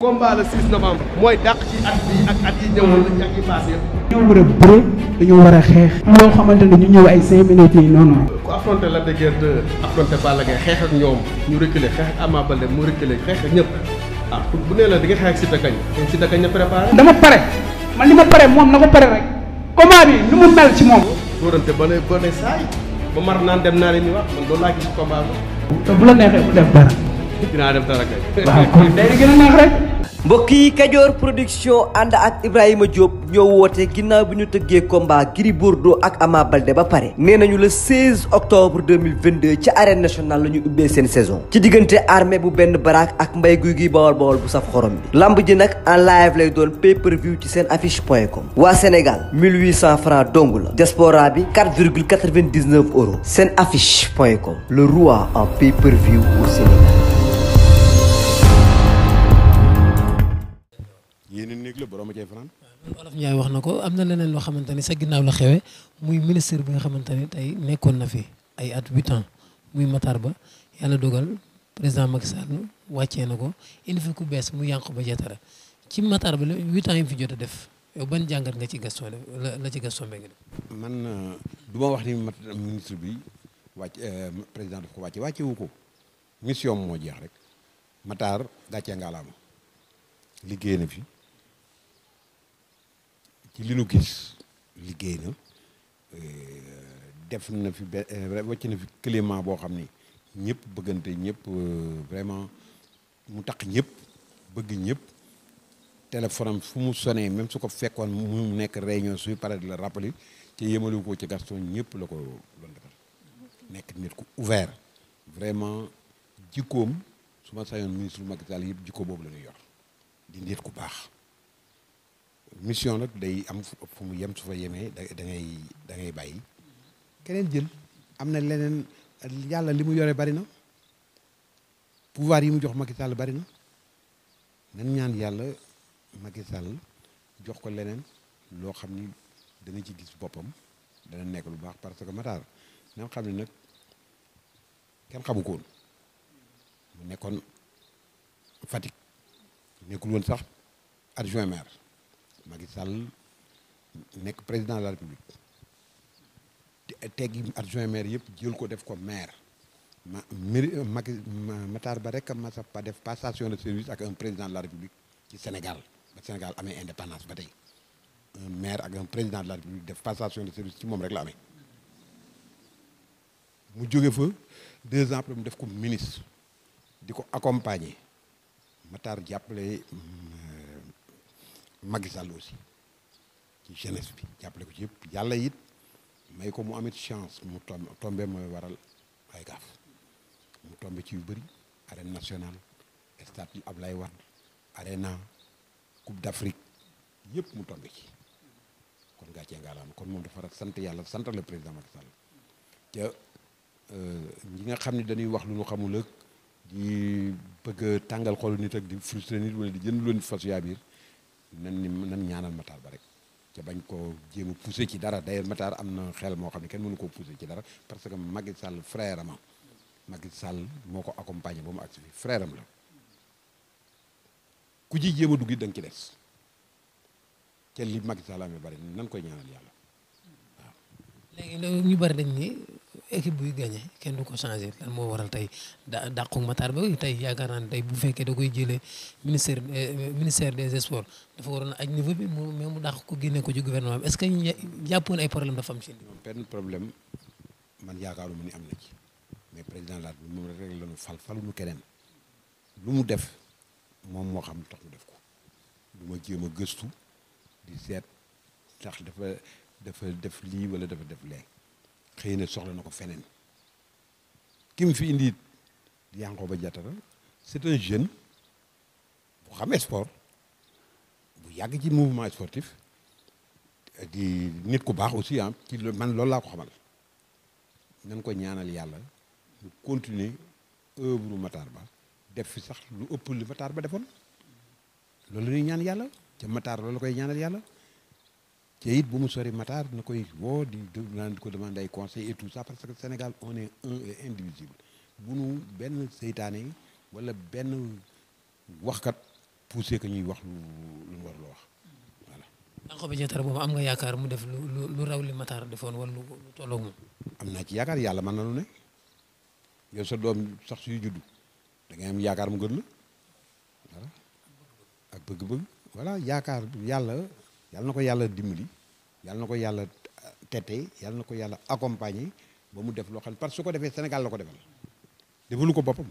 combat le 6 novembre mooy dàq ci at bi ak at yi ñëwoon la ak yi passé a bëre xeex loo xamante ne ñu ñëw ay cinq minutes yi noonu ku affronté Lac de Guiers 2 xeex ak ñoom ñu reculé xeex ak Ama Baldé mu reculé xeex ak ñëpp ah bu nee la di nga xeex ak Siteu kañ Siteu kañ dama pare man li ma pare moom na ko pare rek combat bi nu mu mel ci moom ba ne ba ne saay naan dem naa leen wax man loolu laa bu la neexee bu def dara dinaa mbokk yi Kajoor production ànd ak Ibrahima Diop ñoo woote ginnaaw bi ñu tëggee combat Gris Bordeaux ak Ama Baldé ba pare nee nañu le 16 octobre 2022 ci arène nationale la ñu ubbee seen saison ci diggante armée bu benn baraak ak mbay guy gi bawol bawol bu saf xorom bi lamb ji nag en live lay doon pay view ci seen affiche point com waa Sénégal 1800 francs dong la diaspora bi 4,99 euros seen affiche point com le roi en pay per view au Sénégal yeneen néeg la borom a cay fanaan. waaw wax na ko am na leneen loo xamante ni sa ginnaaw la xewe muy ministre bi nga xamante ni tey nekkoon na fi ay at huit muy Matar Ba yàlla dogal président Macky Sall wàccee na ko indi fi ku bees mu yànq ba jeetara ci Matar Ba la huit ans yi fi jot a def yow ban jàngat nga ci Gaston la ci Gaston Mbengue def. man euh, du ma wax ni mat ministre bi wàcc euh, président daf ko wàcce wàcce ko mission moo jeex rek Matar gàccee ngaalaama liggéey na fi. ci li nu gis liggéey na euh, def na fi be euh, wàcc na fi climat boo xam ni ñëpp bëggante ñëpp euh, vraiment mu tax ñëpp bëgg ñëpp téléphone fu mu sonee même su ko fekkoon mu nekk réunion suy pare di la rappeler ci yëmalu ko ci Gaston ñëpp la ko doon defar nekk nit ku ouvert vraiment jikkoom su ma sañoon ministre Macky Sall yëpp jikko boobu lañuy yor di nit ku baax mission nag day am fu mu yem su fa yemee da ngay da ngay bàyyi keneen jël am na leneen yàlla li mu yore bari na pouvoir yi mu jox Macky Sall bari na nan ñaan yàlla Macky jox ko leneen loo xam ni dana ci gis boppam dana nekk lu baax parce que Matar na xam ne nag kenn xamu ko mu nekkoon Fatick nekkul woon sax adjoint maire Macky Sall nekk président de la République teggi adjoint maire yëpp jël ko def ko maire ma Macky Matar Ba rek ma sa pa def passation de service ak un président de la République ci Sénégal ba Sénégal amee indépendance ba tey un maire ak un président de la République def passation de service ci moom rek la amee mu jóge fa deux ans mu def ko ministre di ko accompagner Matar jàppale Macky Sall aussi ci jeunesse bi jàppale ko ci yëpp yàlla it may ko mu amit chance mu tombe tombe mooy waral ay gaaf mu tombe ci yu bëri arine nationale stade Ablaye Wade arena coupe d'Afrique yëpp mu tombe ci kon gàccee ngaalaam kon moom dafa sant yàlla sant le président Macky Sall te euh, ñi nga xam ni dañuy wax lu ñu xamul ak di bëgg tàngal xolu nit ak di frustré nit wala di jënd loon fas yaa nan ni nan ñaanal Matar ba rek te bañ ko jéem a poussé ci dara d'ailleurs Matar am na xel moo xam ne kenn mënu koo poussé ci dara parce que Macky Sall frère am Macky Sall moo ko accompagné ba mu agsi fi frère am la ku ci jéem a dugg ci des te li Macky Sall amee bari nan koy ñaanal yàlla waaw. équipe buy gagné kenn du ko changé lan moo waral tey da dàqu Matar Ba tey yaakaar naa ne tey bu fekkee da koy jëlee ministère euh, euh, ministère des sports dafa waroon ak niveau bi mu mais mu dàq ko génne ko ci gouvernement bi est ce que jàppoon ay problème dafa am ci benn problème man yaakaaruma ni am na ci mais président laaj bi moom rek la ñu fal faluñu keneen lu mu def moom moo xam tax mu def ko lu ma jéem a gëstu di seet tax dafa dafa def lii wala dafa def lee xëy na soxla na ko feneen ki mu fi indi di Yankhoba Diattara c'est un jeune bu xam sport bu yàgg ci mouvement sportif di nit ku baax aussi am ah, ci man loolu laa ko xamal nañ ko ñaanal yàlla mu continuer œuvre Matar Ba def fi sax lu ëpp li Matar Ba defoon loolu la ñaan yàlla ca Matar loolu la koy ñaanal yàlla te it bu mu sori Matar na koy woo di naan di ko demander ay conseils et tout ça parce que Sénégal on est un indivisible bu nu benn seytaane walla benn waxkat poussé ka ñuy wax lu lu war la wax voilà. Yankhoba Diattara boobu am nga yaakaar mu def lu lu raw li Matar defoon lu tolloog moom. am naa ci yaakaar yàlla mën na lu ne yow sa doom sax suy juddu da am yaakaar mu gën la voilà ak bëgg-bëgg voilà yaakaar yàlla. yàlla na ko yàlla dimbali yàlla na ko yàlla euh, tete yàlla na ko yàlla accompagner ba mu def loo xam ne parce que su ko defee Sénégal la ko defal defalu ko boppam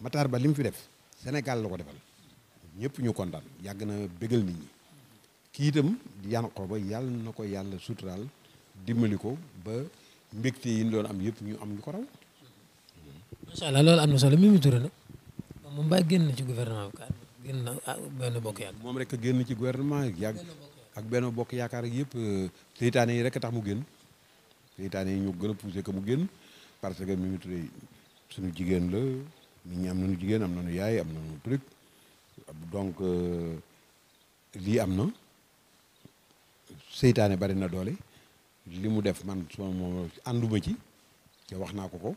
Matar Ba li mu fi def Sénégal la ko defal ñëpp ñu kontaan yàgg na bégal nit ñi kii itam di Yankhoba yàlla na ko yàlla suturaal dimbali ko ba mbégte yi ñu doon am yëpp ñu am ñu ko raw. macha allah na ci gouvernement bi génn na ah, benn bokk yaakaar. moom rek a génn ci governement yàgg ak benn bokk yaakaar ak yëpp euh, seytaane yi rek tax mu génn seytaane yi ñu gën a poussé que mu génn parce que mu Mimi Touré suñu jigéen la nit ñi am nañu jigéen am nañu yaay am nañu truc donc euh, lii am na seytaane bari na doole li mu def man suma moom ànduma ci te wax naa ko ko.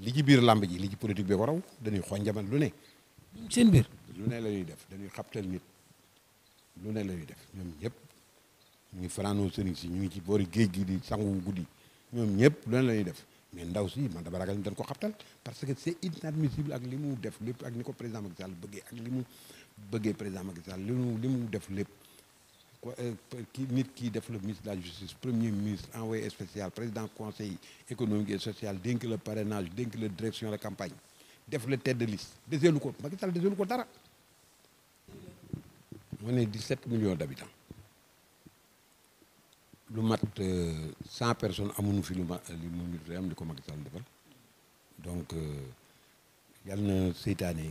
li ci biir làmb ji li ci politique bi ko raw dañuy xooñ lu ne. seen lu ne la ñuy def dañuy xabtal nit lu ne la ñuy def ñoom ñëpp ñu ngi fanaanoo sëriñ si ñu ngi ci boori géej gi di sangu guddi ñoom ñëpp lu ne la def mais ndaw si man dama ragal ñu dañ ko xabtal parce que c'est inadmissible ak li mu def lépp ak ni ko président Macky Sall bëggee ak li mu bëggee président Macky Sall li mu li mu def lépp. ki euh, nit kii def le ministre de la justice premier ministre envoyé spécial président conseil économique et social dénk la parrainage dénk la direction de campagne def la tête de liste deseelu ko Macky Sall deseelu ko dara moo ne 17 millions d'habitants lu mat 100 euh, personnes amuñu fi lu ma euh, li mu am li ko Macky Sall defal donc yal na seytaane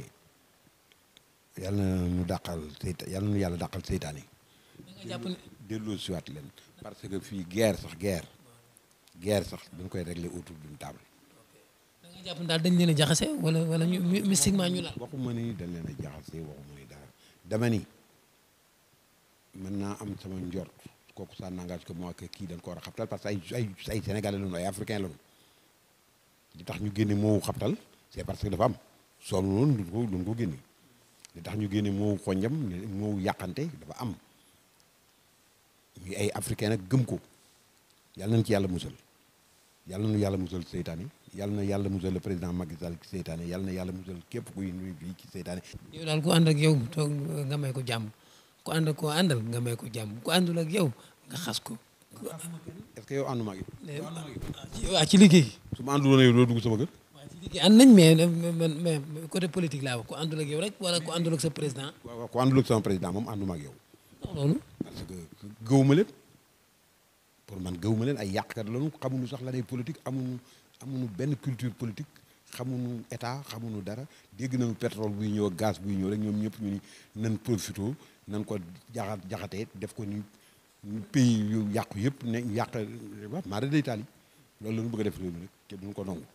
yal na nu dàqal seyta yal na nu yàlla dàqal seytaane delloo siwaat leen parce que fii guerre sax guerre guerre sax dañ koy régler autour d'une table da nga dañ leen a jaxase wala wala ñu mystiquement ñu laal waxuma ni dañ leen a jaxase waxuma ni dara dama ni mën naa am sama njor kooku ça n'engage ko moi que kii dañ ko war a xabtal parce que ay ay ay sénégalais lañu ay africain lañu li tax ñu génne moo xabtal c'est parce que dafa am soom noonu duñ ko génne li tax ñu génne moo xonjam moo yàqante dafa am ñuy ay africain nag gëm ko yàlla nañ ci yàlla musal yàlla na yàlla musal seytaane yàlla na yàlla musal le président Macky Sall ci seytaane yàlla na yàlla musal képp kuy nuyu fii ci seytaane. yow daal ku ànd ak yow toog nga may ko jàmm ku ànd ak koo àndal nga may ko jàmm ku àndul ak yow nga xas ko. est ce que yow ànduma ak yow. Eh, waaw ci liggéey. su ma ànduloon yow doo dugg sama kër. waaw ci liggéey ànd nañ mais mais côté politique laa wax ku àndul ak yow rek wala ku àndul ak sa président. waaw waaw ku àndul ak sama président moom ànduma ak yow. loolu. parce que gëwuma leen pour man gëwuma leen ay yàqkat lañu xamuñu sax politique amuñu amuñu benn culture politique xamuñu état xamuñu dara dégg nañu pétrole buy ñëw ak gaz buy ñëw rek ñoom ñëpp ñu ni nan profito nan ko jaxat jaxatee def ko ni pays yu yàqu yëpp ne yàq waaw maara taal yi loolu la ñu bëgg def réew mi rek te duñu ko nangu.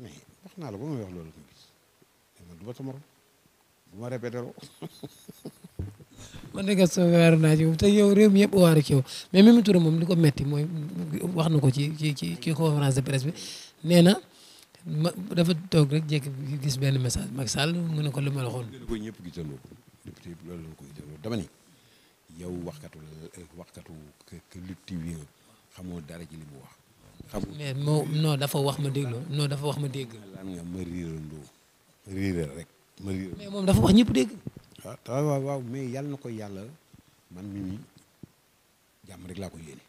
mais naa la ba may bu ma ne loo. man de naa ci te yow réew mi yëpp ci mais Mimi Touré moom li ko metti mooy wax na ko ci ci ci ci conférence de presse bi nee na ma dafa toog rek jékki gis benn message mag Sall mu ne ko li ma la xool. ko ñëpp gisandoo ko député yëpp loolu la ko gisandoo dama ni yow waxkatu waxkatu Lutte TV xamoo dara ci li mu wax. xam dafa wax ma déglu non dafa wax ma dégg. lan nga rek. ma mais moom dafa wax ñëpp dégg. waaw waaw waaw mais yàlla na ko yàlla man mii jàmm rek laa ko yéene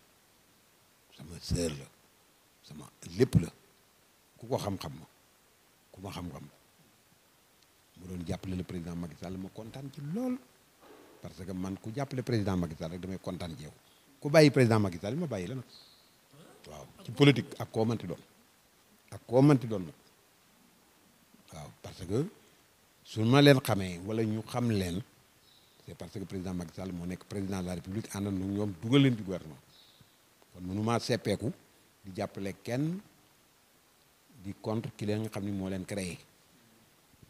sama sœur la sama lépp la ku ko xam-xam ma ku ma xam-xam mu doon jàppale le président Macky Sall ma kontaan ci lool parce que man ku jàppale président Macky rek damay kontaan ci yow ku bàyyi président Macky Sall ma bàyyi la nag waaw ci politique ak koo mënti doon ak koo mënti doon nag waaw su ma leen xamee wala ñu xam leen c'est parce que président Macky Sall moo nekk président de la république ànd na ñoom dugal leen ci gouvernement kon maa seppeeku di jàppale kenn di contre ki leen nga xam ni moo leen créé.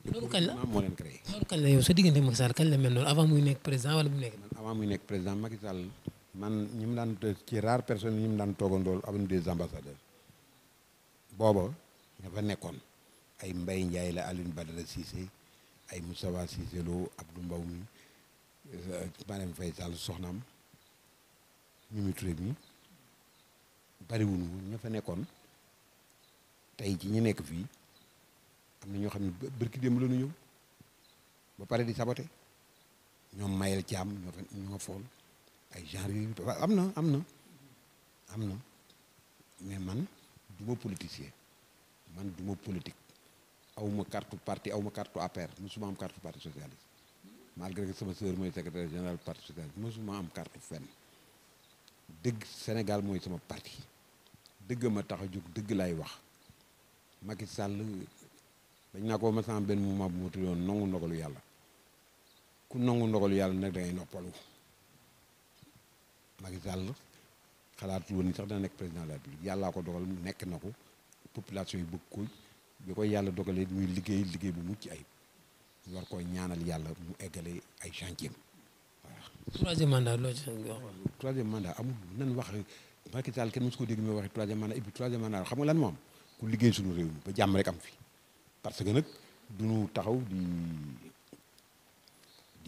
loolu kañ la moo leen créé. loolu kañ la yow sa diggante Macky Sall kañ la mel noonu avant nekk président wala nekk. avant muy nekk président Macky Sall man ñu mu daan ci rare personne ñu mu daan toogandool am des ambassadeurs booba ña fa nekkoon ay Mbaye Ndiaye la Alioune Badara Cissé. ay Moustapha Cissé Lo Abdou Mbow mi Marème Faye Sall soxnaam ñu mu turé mi bariwuñu ña fa nekkoon tey ci ñu nekk fii am na ñoo xam ne bërki démb la ba pare di sabote ñoom mayel caam ñoo fa ñoo fool ay genre yi am na am na am na mais man du ma politicien man du ma awma carte parti awma carte APR musuma am carte parti socialiste malgré que sama sœur mooy secrétaire général parti socialiste musuma am carte fenn dëgg Sénégal mooy sama parti dëgg ma tax a jóg dëgg laay wax Macky Sall dañ naa ko ma sama benn moment bu ma tuddoon nangu ndogalu yàlla ku nangu ndogalu yàlla nag da ngay noppalu Macky Sall xalaatul woon ni sax dana nekk président de la République yàllaa ko dogal nekk na ko population yi bëgg ko koy yàlla dogalee muy liggéey liggéey bu mucc ayib ñu war koy ñaanal yàlla mu eggale ay chantier voilà. troisième mandat loo ci wax. troisième mandat amul nan wax Macky Sall kenn mosu ko dégg ñu waxi troisième mandat et troisième mandat xam nga lan moom ku liggéey suñu réew mi ba jàmm rek fi parce que nag duñu taxaw di.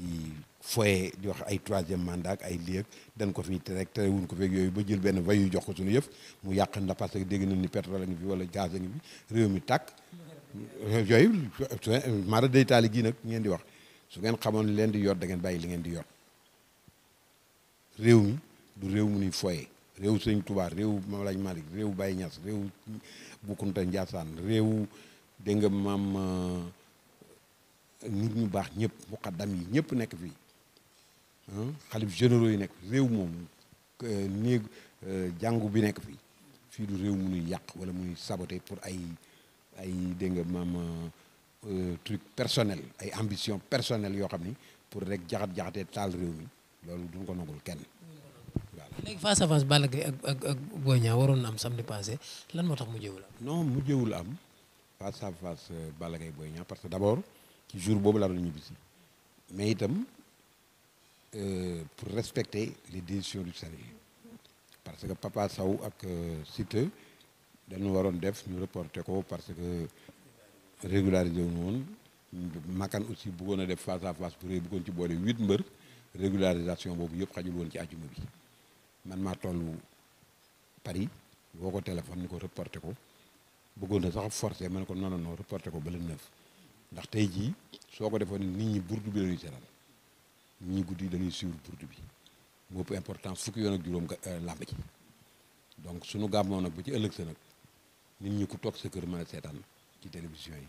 di foye di wax ay troisième mandat ak ay lieg dañ ko fi tere tere wuñ ko feeg yooyu ba jël benn vayu jox ko suñu yëf mu yàq nda parce que dégg nañ ni pétrole a ngi fi wala gaz a ngi fi réew mi tàkk yooyu mara day taali gii nag ngeen di wax su ngeen xamoon li leen di yor da ngeen bàyyi li ngeen di yor réew mi du réew mu ni foye réew sëñ Touba réew Mawlaaj Malick réew Baye Niass réew Boukounta Ndiassane réew dégg nga maam euh, ak nit ñu baax ñëpp muqaddam yi ñëpp nekk fii ah, xalif généraux yi nekk réew moom euh, néeg euh, jàngu bi nekk fii fii du réew munuy yàq wala muy saboté pour ay ay dégg nga euh, truc personnel ay ambition personnelle yoo xam ni pour rek jaxat-jaxatee taal réew mi loolu duñ ko nangul kenn léegi face à face Balla Gaye ak ak ak waroon na am samedi passé lan moo tax mu jëwul am non mu jëwul am face à face Balla booy Boy parce que d'abord ci jour boobu la doon ñibbisi mais itam euh, pour respecter les décisions du CNG parce que Papa saw ak euh, Siteu dañu waroon def ñu reporte ko parce que régularisé wuñu woon Makan aussi bëggoon a def face à face bu rëy bëggoon ci boole huit mbër régularisation boobu yëpp xajul woon ci àjjuma bi man maa tollu Paris woo ko téléphone ni ko reporté ko bëggoon na sax forcé ma ne ko non non non ko ba le ndax tey jii soo ko defoon nit ñi burdu bi la ñuy teral nit ñi guddi dañuy suivre burdu bi moo ëpp importance fukki yoon ak juróom euh, làmb ji donc suñu gàmmoo nag bu ci ëllëg sa nag nit ñi ku toog sa kër mën a seetaan ci télévision yi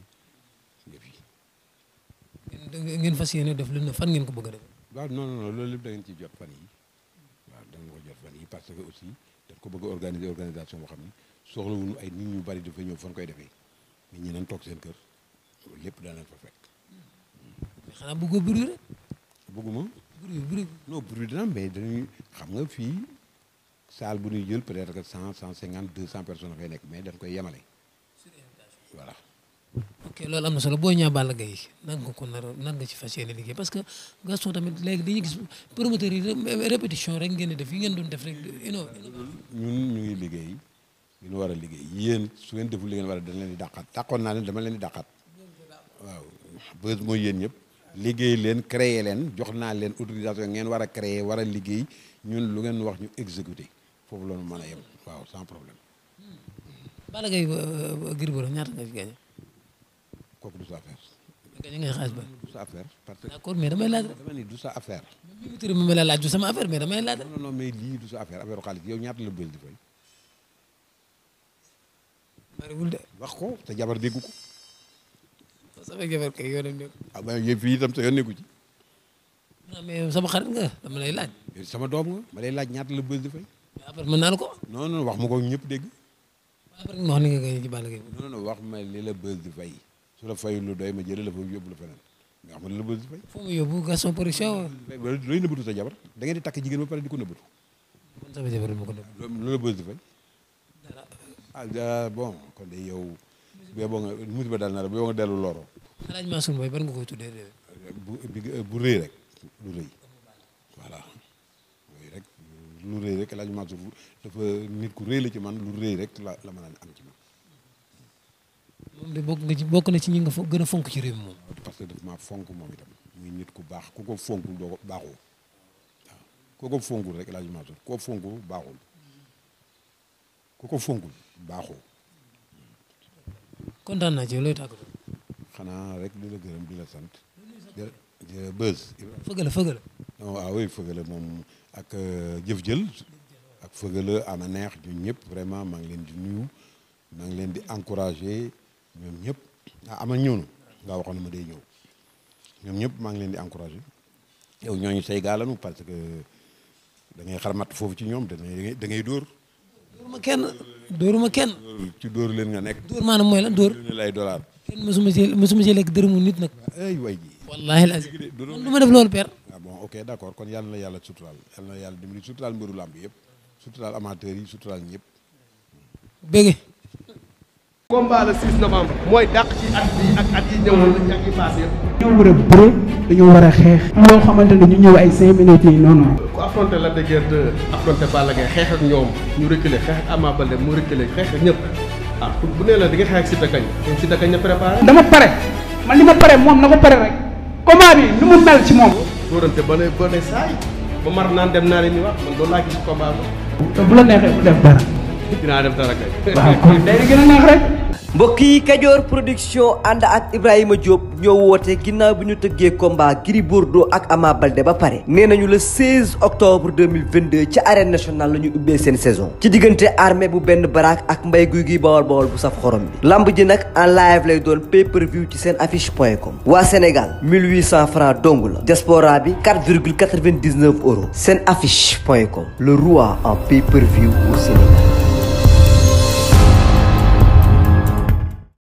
yëpp yi. ngeen fas yéene def lu ne fan ngeen ko bëgg a def. waaw non loolu lépp da ngeen ci jot fan yi waaw da ngeen ko jot fan yi parce que aussi daf ko bëgg a organiser organisation boo xam ne soxlawuñu ay nit ñu bari dafa ñëw fon koy defee nit ñi nañ toog seen kër. loolu lépp daan na fa fekk. mais xanaa bëggoo bruit rek. bëgguma. bruit bruit non bruit dina mais dañuy xam nga fii salle bu ñuy jël peut-être que cent cent cinquante deux cent personnes fay nekk mais dañ koy yemale. voilà. ok loolu am na solo boo ñëwee Balla Gaye na nga ko nar nan nga ci fas yéene liggéey parce que Gaston tamit léegi dañuy gis promoteur yi répétition rek ngeen di def yi ngeen doon def rek. ino ñun ñu ngi liggéey. ñu war a liggéey yéen su ngeen deful li ngeen war a dana leen di dàqaat dàqoon naa leen dama leen di dàqaat. waaw Beuz mooy yéen ñëpp liggéey leen créer leen jox naa leen autorisation ngeen war a créer war a liggéey ñun lu ngeen wax ñu exécuter foofu loolu ñu mën a yem waaw sans problème. Balla Gaye euh, euh, Gris Bordeaux ñaata nga ci gagné. kooku du sa affaire. gagné nga xaalis ba. du que. d'accord mais damay laaj. dama ni du sa affaire. bi mu tëri ma la sama affaire mais damay laaj. non non mais lii du sa affaire affaire xaalis yow ñaata la bëri di fay. wax ko te jabar dégg ko. sama jabar kay yoonam nekku ci. ah mais fii itam sa yoon nekku ci. non mais sama xarit sama doom nga ma lay laaj ñaata la bës di fay. après mën naa la ko. non non wax ma ko ñëpp dégg. après ma wax ni nga gën ci Balla Gaye. non non ma li la fay. su la fay lu doy ma jëlee la fa yóbbu la feneen nga xam ne la bës di fay. foo mu yóbbu Gaston Production. looy nëbbatu sa jabar da ngeen di takk jigéen ba ko nëbbatu. kon sama jabar ma ko nëbbatu. loolu la bës di fay. dara ah bon kon de yow. bee boo nga musiba dal na la bee boo alaaj Mansour Mbaye ban nga koy tuddee réew bu bu rek lu rëy voilà rëy rek lu rëy rek alaaj Mansour dafa nit ku rëy la ci man lu rek la la mën am ci man. moom de bok nga ci bokk na ci ñi nga fo gën a fonk ci réew moom. parce que daf maa fonk moom itam muy nit ku baax ku ko fonk doo ko baaxoo waaw ku ko fonkul rek alaaj Mansour ko fonk baaxul ku ko fonkul baaxoo. naa ci looy tàggatoo. xanaa rek di la gërëm di la sant di la bës fëgala fëgala ah waaw oui moom ak euh, jëf-jël ak fëgala ana neex ñëpp vraiment maa ngi leen di nuyu maa ngi leen di encourager ñoom ñëpp ah ama ñëw na nga waxoon ma day ñëw ñoom ñëpp maa ngi leen di encourager yow ñooñu say gaalanu parce que da ngay mat foofu ci ñoom da ngay da ngay dóor dóoruma kenn kenn ci door leen nga nekk dóor maanaam mooy lan dóor ne lay dollar kenn mësuma si mësuma si lekk dërëmu nit nag. ay way ji. wallaahi la man du ma def loolu père. ah bon ok d' kon yàlla na yàlla suturaal yàlla na yàlla dimbali suturaal mbiru làmb yëpp suturaal amateur yi suturaal ñëpp. bëgg. combat le 6 novembre mooy dàq ci at ak at yi ñëwoon ak a bëre xeex. loo xamante ne ñu ñëw ay 5 minutes yi noonu. ku affronté Lac de Guiers 2 affronté Balla xeex ak ñoom ñu reculer xeex ak Ama Baldé mu reculer xeex ak ah bu nee la di nga xeex ak Siteu kañ. donc Siteu kañ la préparé. dama pare man li ma pare moom na ko pare rek combat bi nu mu mel ci moom. dóorante ba ne ba ne saay ba mar naan dem naa leen ni wax man loolu laa gis combat ba. bu la neexee bu def dara. mbokk yi Kajoor production ànd ak Ibrahima Diop ñoo woote ginnaaw bi ñu tëggee combat Gris Bordeaux ak Ama Baldé ba pare nee nañu le 16 octobre 2022 ci arène nationale la ñu ubbee seen saison ci diggante armée bu benn baraak ak mbay guy guy bawal bawal bu saf xorom bi lamb ji nag en live lay doon pay per view ci seen affiche point com waa Sénégal 1800 francs dong la diaspora bi 4,99 seen affiche point com le roi en pay view au Sénégal.